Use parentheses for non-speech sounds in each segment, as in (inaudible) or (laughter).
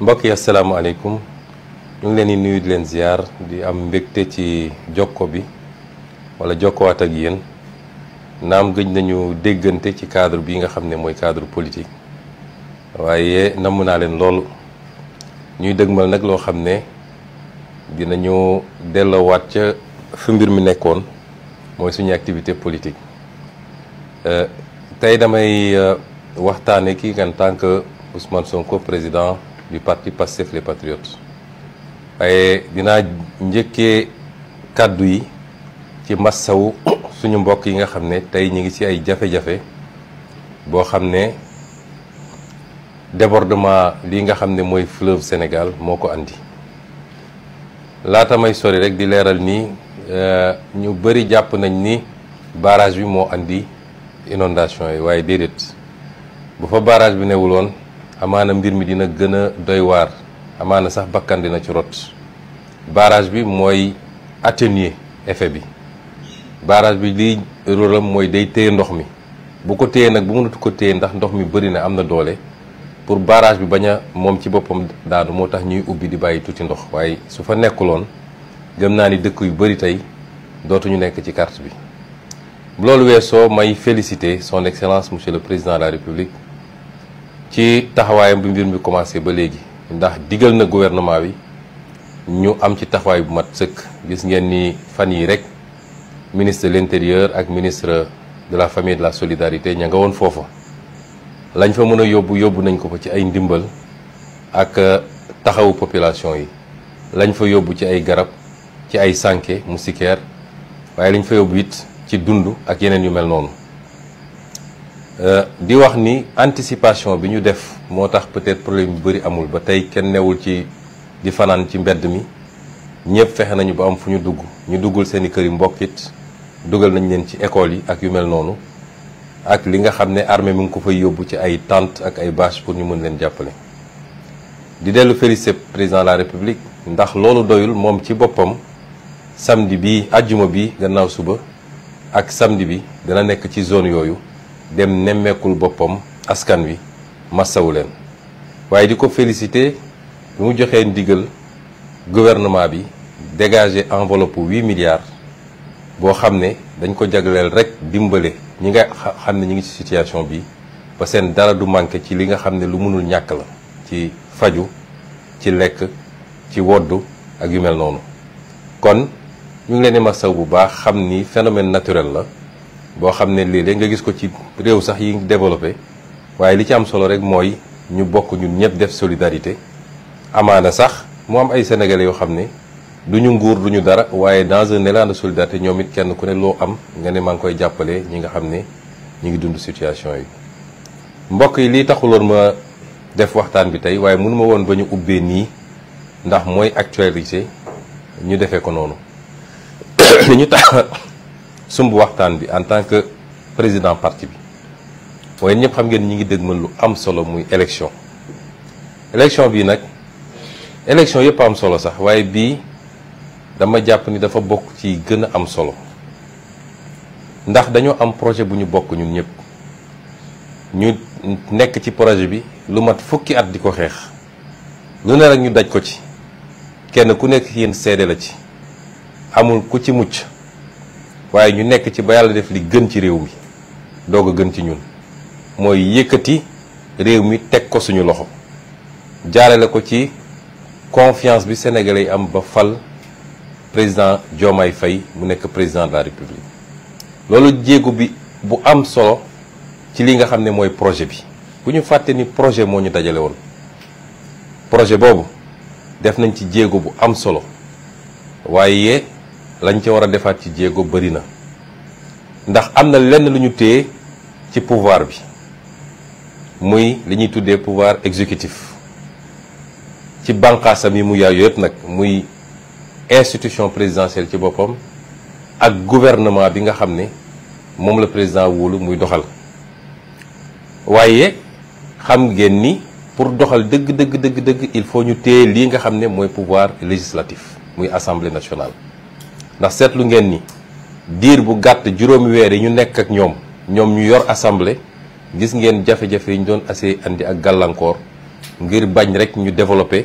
mbokk yi asalaamaaleykum ñu ngi leen di nuyu di leen ziar di am mbégte ci jokko bi wala jokkowaat ak yéen naam gëj nañu déggante ci cadre bi nga xam ne mooy cadre politique waaye namm naa leen loolu ñuy dëgmal nag loo xam ne dinañu delloowaat ca fi mbir mi nekkoon mooy suñu activité politique. Euh, tey damay euh, waxtaane kii en tant que Ousmane Sonko président du parti Pastef les Patriotes waaye dinaa njëkkee kàddu yi ci massawu (coughs) suñu mbokk yi nga xam ne tey ñu ngi ci ay jafe-jafe boo xam ne débordement lii nga xam ne mooy fleuve Sénégal moo ko andi laata may sori rek di leeral nii euh, ñu bëri jàpp nañ ni barrage bi moo andi inondation yi waaye déedéet bu fa barrage bi newul woon amaana mbir mi dina gën a doy waar amaana sax bakkan dina ci rot barrage bi mooy atténuer effet bi barrage bi liy rôlam mooy day téye ndox mi bu ko téyee nag bu mënatu ko téye ndax ndox mi bari na am na doole pour barrage bi bañ a moom ci boppam daanu moo tax ñuy ubbi di bàyyi tuuti ndox waaye su fa nekkuloon gëm naa ni dëkk yu bëri tey dootuñu nekk ci carte bi loolu soo may féliciter son excellence monsieur le président de la république ci taxawaayam bi mbir mi commencé ba léegi ndax digal na gouvernement bi ñu am ci taxawaay bu mat sëkk gis ngeen ni fan yi rek ministre de l'intérieur ak ministre de la famille de la solidarité ña nga woon foofa lañ fa mën a yóbbu yóbbu nañ ko fa ci ay ndimbal ak euh, taxawu population yi lañ fa yóbbu ci ay garab ci ay sànke moustiquaire waaye lañ fa yóbbu it ci dund ak yeneen yu mel noonu euh, di wax ni anticipation bi ñu def moo tax peut-être problème yu bëri amul ba tey kenn newul ci di fanaan ci mbedd mi ñëpp fexe nañu ba am fu ñu dugg ñu duggul seen i kër yu mbokkit dugal nañ leen ci école yi ak yu mel noonu ak li nga xam ne armée mi ngi ko fay yóbbu ci ay tente ak ay bâche pour ñu mën leen jàppale di dellu félicité président la république ndax loolu doyul moom ci boppam samedi bi ajjuma bi gannaaw suba ak samedi bi dana nekk ci zone yooyu dem nemmeekul boppam askan wi massawu leen waaye di ko félicité bi mu joxee ndigal gouvernement bi dégager enveloppe huit milliards boo xam ne dañ ko jagleel rek dimbale ñi nga xam ne ñi ngi ci situation bi ba seen dara du manqué ci li nga xam ne lu mënul ñàkk la ci faju ci lekk ci woddu ak yu mel noonu ñu ngi leen di masaw bu baax xam ni phénomène naturel la boo xam ne léeg-léeg nga gis ko ci réew sax yi développé waaye li ci am solo rek mooy ñu bokk ñu ñëpp def solidarité amaana sax mu am ay sénégalais yoo xam ne duñu nguur du ñu dara waaye dans un élan solidarité ñoom it kenn ku ne loo am nga ne maa koy jàppale ñi nga xam ne ñu ngi dund situation yi. mbokk yi lii taxuloon ma def waxtaan bi tey waaye mënu ma woon ba ñu ubbee nii ndax mooy actualité ñu defee ko noonu. li (coughs) ñu tax (coughs) sumb waxtaan bi en tant que président parti bi mooy ñëpp xam ngeen ñi ngi dégmal lu am solo muy élection élection bii nag élection yëpp am solo sax waaye bii dama jàpp ni dafa bokk ci gën a am solo ndax dañoo am projet bu ñu bokk ñun ñëpp ñu nekk ci projet bi lu mat fukki at di ko xeex lu ne rek ñu daj ko ci kenn ku nekk yéen seede la ci amul ku ci mucc waaye ñu nekk ci ba yàlla def li gën ci réew mi doog a gën ci ñun mooy yëkkati réew mi teg ko suñu loxo jaarale ko ci confiance bi sénégalais yi am ba fal président Diomaye Faye mu nekk président de la république loolu jéego bi bu am solo ci li nga xam ne mooy projet bi bu ñu fàtte ni projet moo ñu dajale woon projet boobu def nañ ci jéego bu am solo waaye lañ ca war a defaat ci jéego bëri na ndax am na lenn lu ñu téye ci pouvoir bi muy li ñuy tuddee pouvoir exécutif ci bànqaasam yi mu yaay yëpp nag muy institution présidentielle ci boppam ak gouvernement bi nga xam ne moom la président wóolu muy doxal waaye xam ngeen ni pour doxal dëgg dëgg dëgg dëgg il faut ñu téye lii nga xam ne mooy pouvoir législatif muy assemblée nationale ndax seetlu ngeen ni diir bu gàtt juróomi weer yi ñu nekk ak ñoom ñoom ñu yor assemblée gis ngeen jafe-jafe yi ñu doon assez indi ak gàllankoor ngir bañ rek ñu développé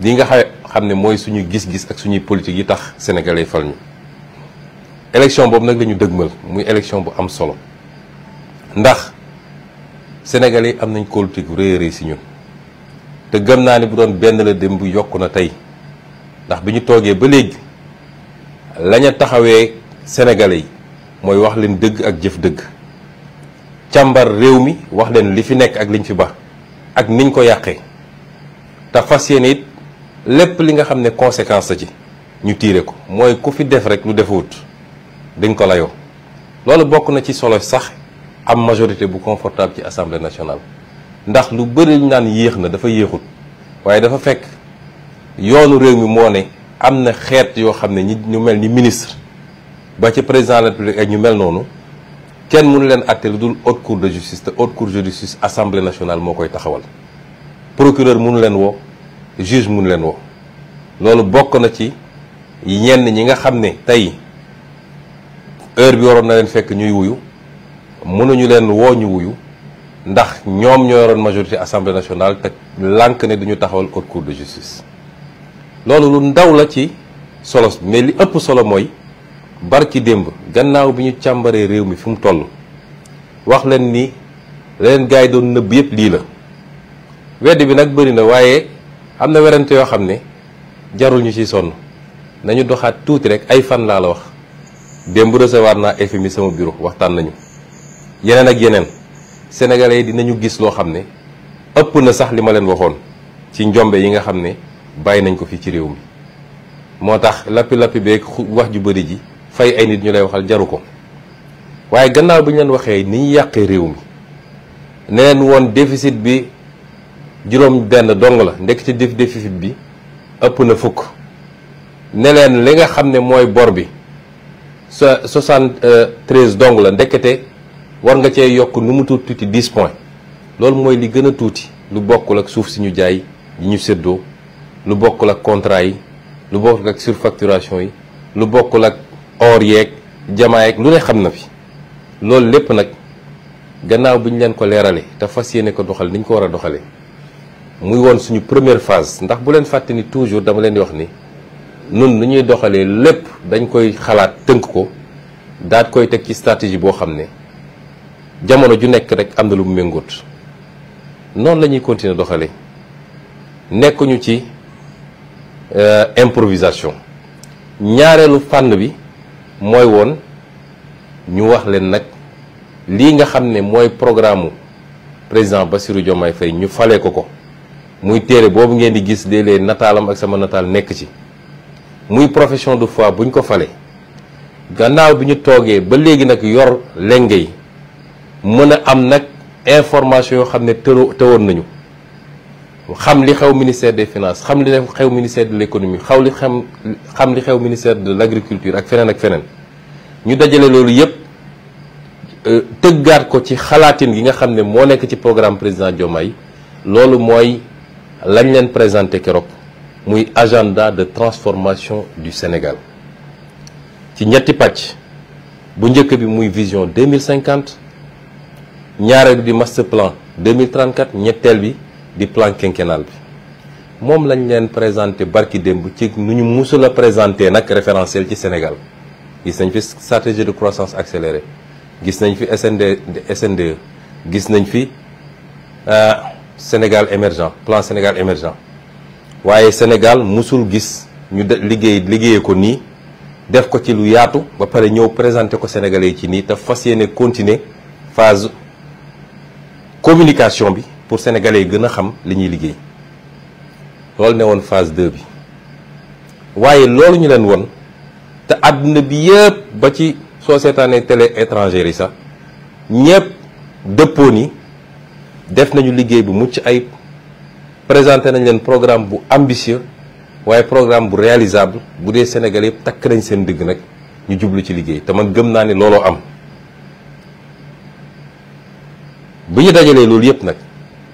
li nga xam ne mooy suñu gis-gis ak suñuy politique yi tax sénégalais fal ñu. boobu nag lañu ñu dëgmal muy élection bu am solo ndax sénégalais am nañ politique réeré si ñun te gëm naa ne bu doon benn la dem bu yokk na tey ndax bi ñu toogee ba léegi. lañu taxawee sénégalais yi mooy wax leen dëgg ak jëf dëgg càmbar réew mi wax leen li fi nekk ak liñ fi ba ak niñ ko yàqee te fas yéene it lépp li nga xam ne conséquence la ci ñu tiire ko mooy ku fi def rek lu defawut dañ ko layoo loolu bokk na ci solo sax am majorité bu confortable ci assemblée nationale ndax lu bëri naan yéex na dafa yéexut waaye dafa fekk yoonu réew mi moo ne am na xeet yoo xam ne ñi ñu mel ni ministre ba ci président de la République ak ñu mel noonu kenn mënu leen àtte lu dul haute de justice te haute cour de justice assemblée nationale moo koy taxawal procureur mënu leen woo juge mënu leen woo loolu bokk na ci ñenn ñi nga xam ne tey heure bi waroon na leen fekk ñuy wuyu mënuñu leen woo ñu wuyu ndax ñoom ñoo yoroon majorité assemblée nationale te lànk ne duñu taxawal haute cour de justice loolu lu ndaw la ci solo mais li ëpp solo mooy barki démb gannaaw bi ñu càmbaree réew mi fi mu toll wax leen ni leneen gars yi doon nëbb yëpp lii la wedd bi nag bëri na waaye am na werante yoo xam ne jarul ñu ci sonn nañu doxaat tuuti rek ay fan laa la wax démb recevoir naa FMI sama bureau waxtaan nañu yeneen ak yeneen sénégalais yi dinañu gis loo xam ne ëpp na sax li ma leen waxoon ci njombe yi nga xam ne bàyyi nañ ko fii ci réew mi moo tax lappi-lappi beeg wax ju bëri ji fay ay nit ñu lay waxal jaru ko waaye gannaaw bi ñu leen waxee ni ñu yàqee réew mi ne leen woon déficit bi juróom benn dong la ndekk ci déficit bi ëpp na fukk ne li nga xam ne mooy bor bi sa soixante treize dong la ndekete war nga cee yokk nu mu tuuti tuuti dix points loolu mooy li gën a tuuti lu bokkul ak suuf si ñu jaay yi ñu séddoo lu bokk bokkul ak contrat yi lu bokkul ak surfacturation yi lu bokkul ak or yeeg jamaa yeeg lu ne xam na fi loolu lépp nag gannaaw bi ñu leen ko leeralee te fas yéene ko doxal ni ñu ko war a doxalee muy woon suñu première phase ndax bu leen fàtte ni toujours dama leen di wax ni nun nu ñuy doxalee lépp dañ koy xalaat tënk ko daat koy teg ci stratégie boo xam ne jamono ju nekk rek am na lu mu méngóot noonu la ñuy continuer doxalee nekkuñu ci. Euh, improvisation ñaareelu fànn bi mooy woon ñu wax leen nag lii nga xam ne mooy programme président Bassirou Diomaye fay ñu fale ko ko muy téere boobu ngeen di gis léeg-léeg nataalam ak sama nataal nekk ci muy profession de foi buñ ko fale gannaaw bi ñu toogee ba léegi nag yor lenge yi mën a am nag information yoo xam ne tëwoon nañu xam li xew ministère des finances xam li xew ministère de l'économie xaw li xam xam li xew ministère de l'agriculture ak feneen ak feneen ñu dajale loolu yépp euh, tëggaat ko ci xalaatin gi nga xam ne moo nekk ci programme président Diomaye loolu mooy lañ leen présenté keroog muy agenda de transformation du Sénégal ci ñetti pàcc bu njëkk bi muy vision 2050 ñaareel bi di master plan 2034 ñetteel bi di plan quinquennal bi moom lañ leen présenté barki démb ci nu ñu musul a présenté nag référentiel ci Sénégal gis nañ fi stratégie de croissance accélérée gis nañ fi SND SNDE gis nañ fi euh, Sénégal émergent plan Sénégal émergent waaye Sénégal musul gis ñu de liggéey liggéeye ko nii def ko ci lu yaatu ba pare ñëw présenté ko Sénégalais yi ci nii te fas yéene continuer phase communication bi pour sénégalais yi gën a xam li ñuy liggéey loolu ne woon phase 2 bi waaye loolu ñu leen won te àdduna bi yëpp ba ci soo seetaanee télé étrangère yi sax ñëpp dëppoo ni def nañu liggéey bu mucc ayib présenté nañ leen programme bu ambitieux waaye programme bu réalisable bu dee sénégalais yëpp takk nañ seen dëgg nag ñu jublu ci liggéey te man gëm naa ni looloo am bu ñu dajalee loolu yëpp nag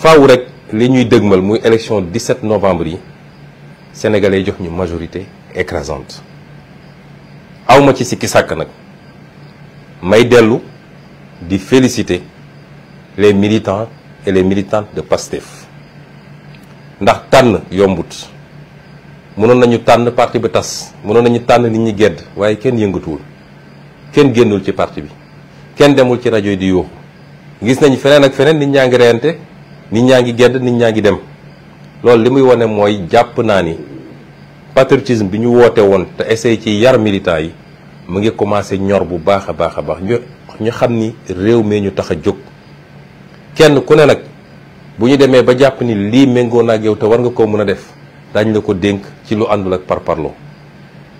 faaw rek li ñuy dëgmal muy élection 17 novembre yi sénégalais jox ñu majorité écrasante awma ci sikki sàkk nag may dellu di félicité les militants et les militantes de PASTEF ndax tànn yombut mënoon nañu tànn parti bi tas mënoon nañu tànn nit ñi gedd waaye kenn yëngatuwul kenn génnul ci parti bi kenn demul ci rajo yi di yooxu gis nañu feneen ak feneen nit ñaa ngi reyante nit ñaa ngi gedd nit ñaa ngi dem loolu li muy wane mooy jàpp naa ni patriotisme bi ñu woote woon te essayé ci yar militant yi mu ngi commencé ñor bu baax a baax a baax ñu ñu xam ni réew mi ñu tax a jóg kenn ku ne nag bu ñu demee ba jàpp ni lii méngoo na ak yow te war nga koo mën a def daañu la ko dénk ci lu àndul ak par parparloo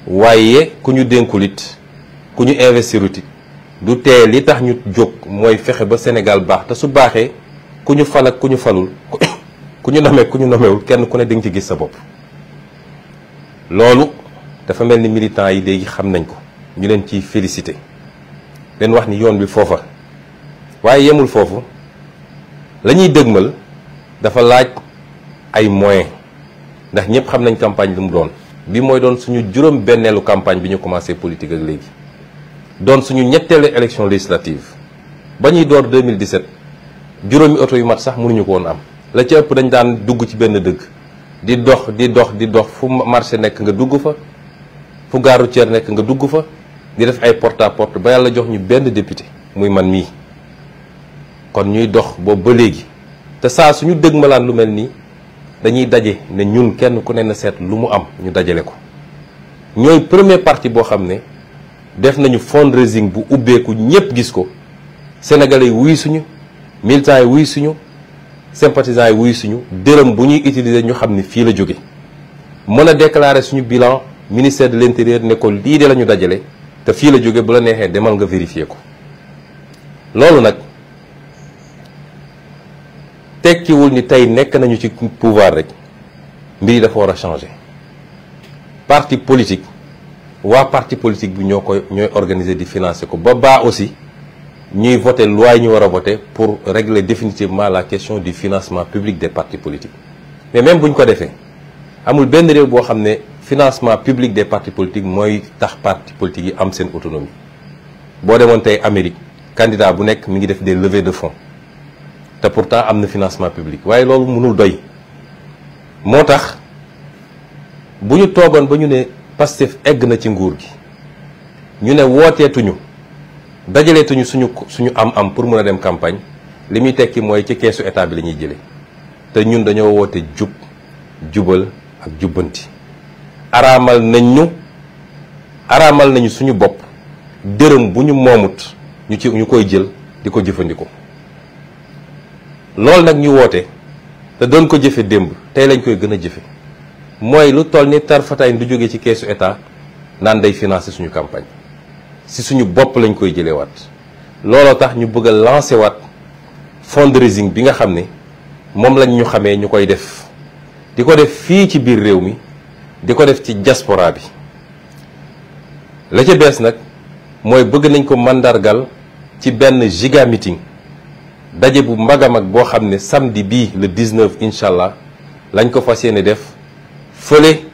waaye ku ñu dénkul it ku ñu investirut it du tee li tax ñu jóg mooy fexe ba Sénégal baax te su baaxee ku ñu fal ak ku ñu falul ku ñu nomee ku ñu nomewul kenn ku ne di nga ci gis sa bopp loolu dafa mel ni militants yi léegi xam nañ ko ñu leen ciy félicité leen wax ni yoon bi foofa waaye yemul foofu la ñuy dëgmal dafa laaj ay moyens ndax ñëpp xam nañ campagne lu mu doon bi mooy doon suñu juróom benneelu campagne bi ñu commencé politique ak léegi doon suñu ñetteelu élection législative ba ñuy door 2017 juróomi oto yu mat sax mënuñu ko woon am la ci ëpp dañ daan dugg ci benn dëkk di dox di dox di dox fu marché nekk nga dugg fa fu gaaru routière nekk nga dugg fa di def ay porte port ba yàlla jox ñu benn député muy man mii kon ñuy dox boobu ba léegi te saa suñu dëgg malaan lu mel nii dañuy daje ne ñun kenn ku ne na seet lu mu am ñu dajale ko ñooy premier parti boo xam ne def nañu fundraising bu ubbeeku ñëpp gis ko sénégalais yi suñu militants yi wuy suñu sympathisants yi wuy suñu dërëm bu ñuy utiliser ñu xam ni fii la jóge mën a déclarer suñu bilan ministère de l'intérieur ne ko lii de la ñu dajale te fii la jóge bu la neexee demal nga vérifier ko loolu nag tekkiwul ni tey nekk nañu ci pouvoir rek mbir yi dafa war a changé parti politique waa parti politique bi ñoo koy ñooy organiser di financer ko ba baa aussi ñuy voté loi ñu war a voté pour régler définitivement la question du financement public des partis politiques mais bu ñu ko defee amul benn réew boo xam ne financement public des partis politiques mooy tax partis politiques yi am seen autonomie boo demoon tey Amérique candidat bu nekk mi ngi def des levées de fonds te pourtant am na financement public waaye loolu mënul doy moo tax bu ñu toogoon ba ñu ne Pastef egg na ci nguur gi ñu ne wooteetuñu dajalee dajaleetuñu suñu suñu am-am pour mën a dem campagne li muy tekki mooy ci keesu état bi la ñuy jëlee te ñun dañoo woote jub jubal ak jubbanti. araamal nañ ñu araamal nañu suñu bopp dërëm bu ñu moomut ñu ci ñu koy jël di ko jëfandikoo loolu nag ñu woote te doon ko jëfe démb tey lañ koy gën a jëfe mooy lu toll ni tarfataay du jóge ci keesu état naan day financer suñu campagne. si suñu bopp lañ koy jëlee waat looloo tax ñu bëgg a lancer waat fundraising bi nga xam ne moom lañ ñu xamee ñu koy def di ko def fii ci biir réew mi di ko def ci jasporaa bi la ca bees nag mooy bëgg nañ ko màndargal ci benn giga meeting daje bu mag a mag boo xam ne samedi bii le 19 incha allah lañ ko fas yéene def fole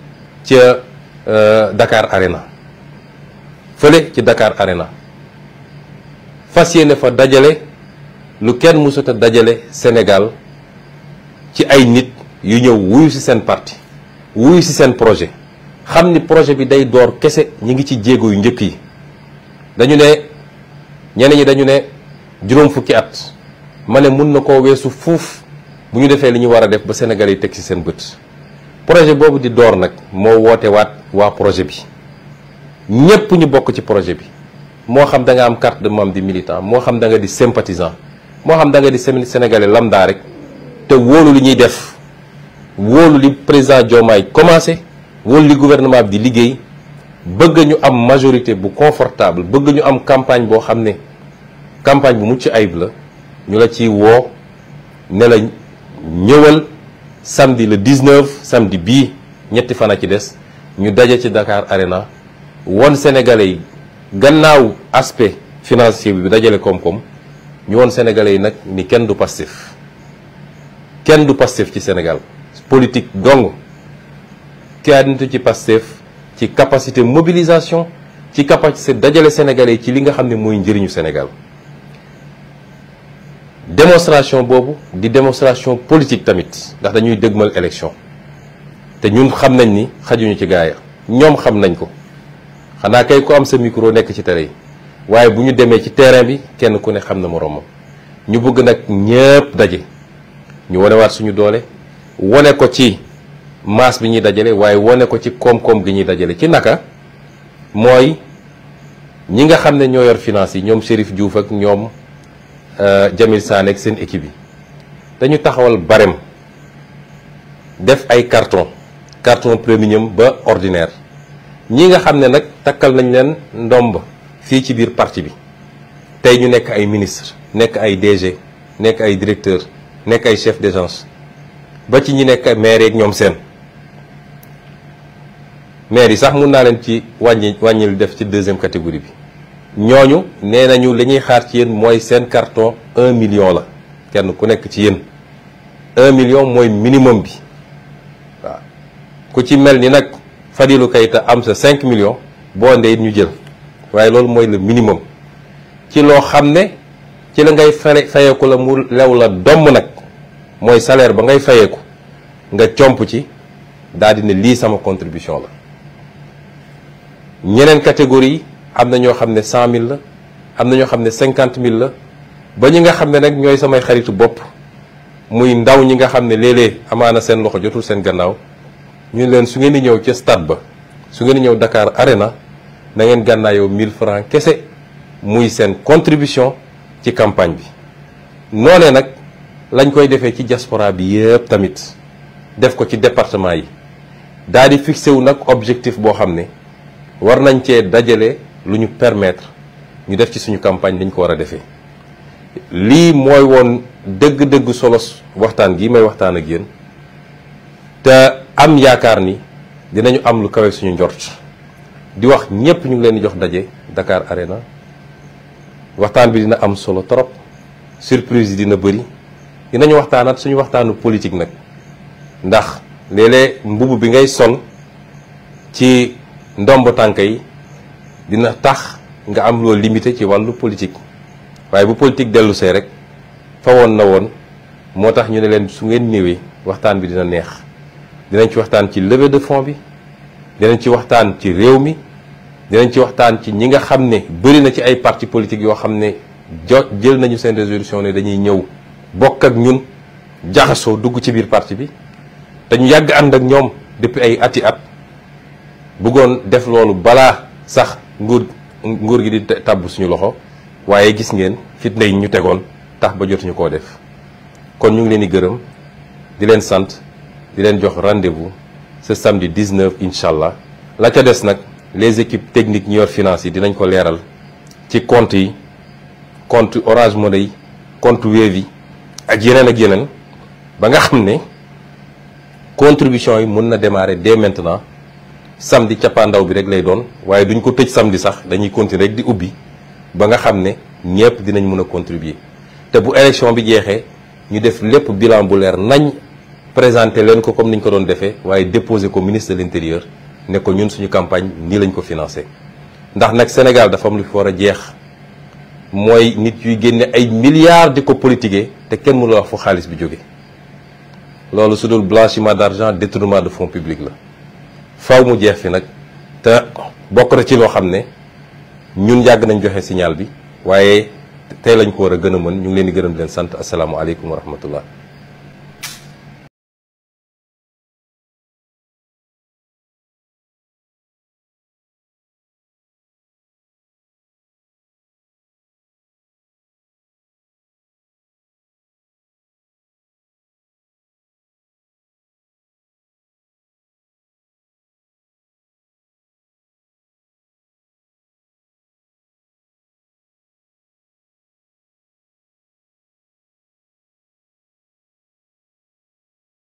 ca euh, Dakar Arena fële ci Dakar Arena fas yéene fa dajale lu kenn mësut a dajale Sénégal ci ay nit yu ñëw wuyu ci seen parti wuyu ci seen projet xam ni projet bi day door kese ñi ngi ci jéego yu njëkk yi dañu ne ñeneen yi dañu ne juróom fukki at ma ne mun na koo weesu fuuf bu ñu defee li ñu war a def ba Sénégal yi teg ci seen bët projet boobu di door nag moo woote waat waa projet bi ñépp ñu bokk ci projet bi moo xam da nga am carte de membre di militant moo xam da nga di sympathisant moo xam da nga di sénégalais lambda rek te wóolu li ñuy def wóolu li président Diomaye commencé wóolu li gouvernement bi di liggéey bëgg ñu am majorité bu confortable bëgg ñu am campagne boo xam ne campagne bu mucc ayib la ñu la ci woo ne la ñëwal samedi le 19 samedi bii ñetti fan a ci des ñu daje ci Dakar Arena woon sénégalais yi gannaaw aspect financier bi dajale koom-koom ñu woon sénégalais yi nag ni kenn du Pastef kenn du Pastef ci Sénégal politique dong kenn du ci Pastef ci capacité mobilisation ci capacité dajale sénégalais yi ci li nga xam ne mooy njëriñu Sénégal démonstration boobu di démonstration politique tamit ndax dañuy dëgmal élection te ñun xam nañ ni xajuñu ci gaaya ñoom xam nañ ko xanaa kay ku am sa micro nekk ci tere yi waaye bu ñu demee ci terrain bi kenn ku ne xam na moroomam ñu bëgg nag ñëpp daje ñu wanewaat suñu doole wane ko ci masse bi ñuy dajale waaye wane ko ci koom-koom gi ñuy dajale ci naka mooy ñi nga xam ne ñoo yor finance yi ñoom Chérif Diouf ak ñoom euh, Jamil Sané ak seen équipe yi dañu taxawal barème def ay carton carton premium ba ordinaire ñi nga xam ne nag takkal nañ leen ndomb fii ci biir parti bi tey ñu nekk ay ministre nekk ay DG nekk ay directeur nekk ay chef d'agence ba ci ñi nekk maire yeeg ñoom seen maire yi sax mun naa leen ci wàññi wàññi def ci deuxième catégorie bi ñooñu nee nañu li ñuy xaar ci yéen mooy seen carton un million la kenn ku nekk ci yéen un million mooy minimum bi waaw ku ci mel ni nag Fadilou kayit am sa 5 millions boo andee ñu jël waaye loolu mooy le minimum ci loo xam ne ci la ngay fay fayeeku la mu lew la domm nag mooy salaire ba ngay fayeeku nga comp ci daal di ne lii sama contribution la ñeneen catégorie am na ñoo xam ne 100000 mille am na ñoo xam ne 50000 la ba ñi nga xam ne nag ñooy samay xaritu bopp muy ndaw ñi nga xam ne léeg-léeg amaana seen loxo jotul seen gannaaw. ñu leen su ngeen ñëw ca stade ba su ngeen di ñëw Dakar Arena na ngeen gànnaayoo 1000 francs kese muy seen contribution ci campagne bi. noonee nag lañ koy defee ci diaspora bi yëpp tamit def ko ci département yi daal di fixé wu nag objectif boo xam ne war nañ cee dajale lu ñu permettre ñu def ci suñu campagne lañ ko war a defee. lii mooy woon dëgg-dëgg solos waxtaan gi may waxtaan ak yéen te. am yaakaar ni dinañu am lu kawe suñu njort di wax ñëpp ñu ngi leen di jox daje Dakar Arena waxtaan bi dina am solo trop surprise yi dina bëri dinañu waxtaanaat suñu waxtaanu politique nag ndax léeg mbubb bi ngay sol ci ndomb tànk yi dina tax nga am loo limité ci wàllu politique waaye bu politik dellu see rek fa woon na woon moo tax ñu ne leen su ngeen ñëwee waxtaan bi dina neex dinañ ci waxtaan ci levée de fonds bi dinañ ci waxtaan ci réew mi dinañ ci waxtaan ci ñi nga xam ne bëri na ci ay parti politique yoo xam ne jo jël nañu seen résolution ne dañuy ñëw bokk ak ñun jaxasoo dugg ci biir parti bi dañu ñu yàgg ànd ak ñoom depuis ay ati at bëggoon def loolu balaa sax nguur nguur gi di tàbb suñu loxo waaye gis ngeen fitna yi ñu tegoon tax ba jotuñu koo def kon ñu ngi leen di gërëm di leen sant di leen jox rendez-vous ce samedi 19 incha allah la ca des nag les équipes techniques ñi yor finance yi dinañ ko leeral ci compte yi compte Orange Money yi compte Wave yi ak yeneen ak yeneen ba nga xam ne contribution yi mën na démarrer dès maintenant samedi cappaandaw bi rek lay doon waaye duñ ko tëj samedi sax dañuy continuer rek di ubbi ba nga xam ne ñëpp dinañ mën a contribuer te bu élection bi jeexee ñu def lépp bilan bu leer nañ présenté leen ko comme ni ñu ko doon defe waaye déposé ko ministre de l'intérieur ne ko ñun suñu campagne nii lañ ko financé ndax nag Sénégal dafa am lu fi war a jeex mooy nit yuy génne ay milliards di ko politiquer te kenn mënul wax fu xaalis bi jóge loolu su dul blanchiment d'argent détournement de fonds publics la faw mu jeex fi nag te bokk na ci loo xam ne ñun yàgg nañ joxe signal bi waaye tey lañ ko war a gën a mën ñu ngi leen di gërëm leen sant asalaamualeykum wa rahmatullah